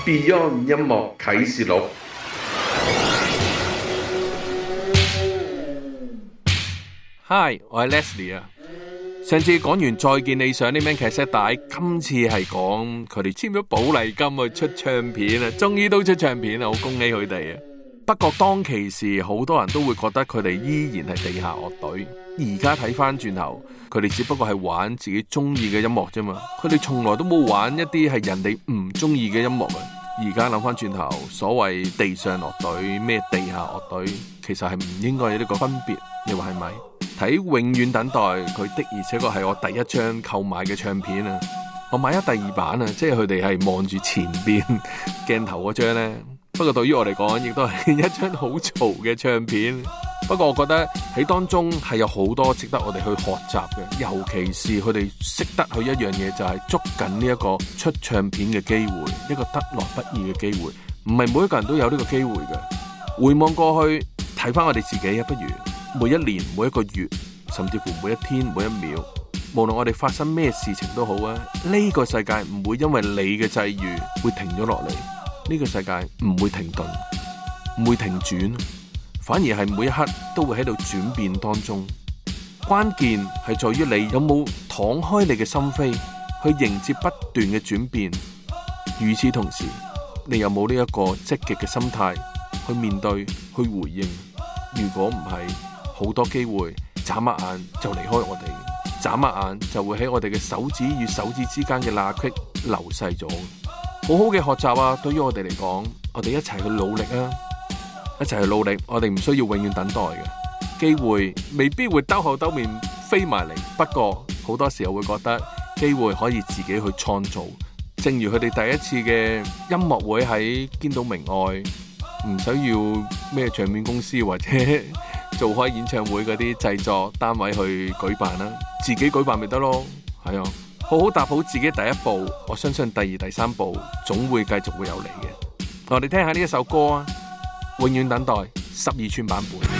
Beyond, Beyond 音樂啟事錄。Hi，我係 Leslie 啊。上次講完再見理想上啲咩劇 set 帶，今次係講佢哋簽咗保麗金去出唱片啊，終於都出唱片啊，好恭喜佢哋啊！不過當其時，好多人都會覺得佢哋依然係地下樂隊。而家睇翻轉頭，佢哋只不過係玩自己中意嘅音樂啫嘛，佢哋從來都冇玩一啲係人哋唔中意嘅音樂啊！而家諗翻轉頭，所謂地上樂隊咩地下樂隊，其實係唔應該有呢個分別，你話係咪？睇《永遠等待》，佢的而且確係我第一張購買嘅唱片啊！我買咗第二版啊，即係佢哋係望住前邊鏡頭嗰張咧。不過對於我嚟講，亦都係一張好嘈嘅唱片。不過我覺得喺當中係有好多值得我哋去學習嘅，尤其是佢哋識得去一樣嘢，就係捉緊呢一個出唱片嘅機會，一個得來不易嘅機會。唔係每一個人都有呢個機會嘅。回望過去，睇返我哋自己啊，不如每一年、每一個月，甚至乎每一天、每一秒，無論我哋發生咩事情都好啊，呢個世界唔會因為你嘅際遇會停咗落嚟，呢個世界唔會停頓，唔會停轉。反而係每一刻都會喺度轉變當中，關鍵係在於你有冇敞開你嘅心扉去迎接不斷嘅轉變。與此同時，你有冇呢一個積極嘅心態去面對、去回應？如果唔係，好多機會眨下眼就離開我哋，眨下眼就會喺我哋嘅手指與手指之間嘅罅隙流逝咗。好好嘅學習啊！對於我哋嚟講，我哋一齊去努力啊！一齊去努力，我哋唔需要永遠等待嘅機會，未必會兜口兜面飛埋嚟。不過好多時候會覺得機會可以自己去創造。正如佢哋第一次嘅音樂會喺堅道明愛，唔需要咩唱片公司或者做開演唱會嗰啲製作單位去舉辦啦，自己舉辦咪得咯。係啊，好好踏好自己第一步，我相信第二、第三步總會繼續會有嚟嘅。我哋聽下呢一首歌啊！永遠等待十二吋版本。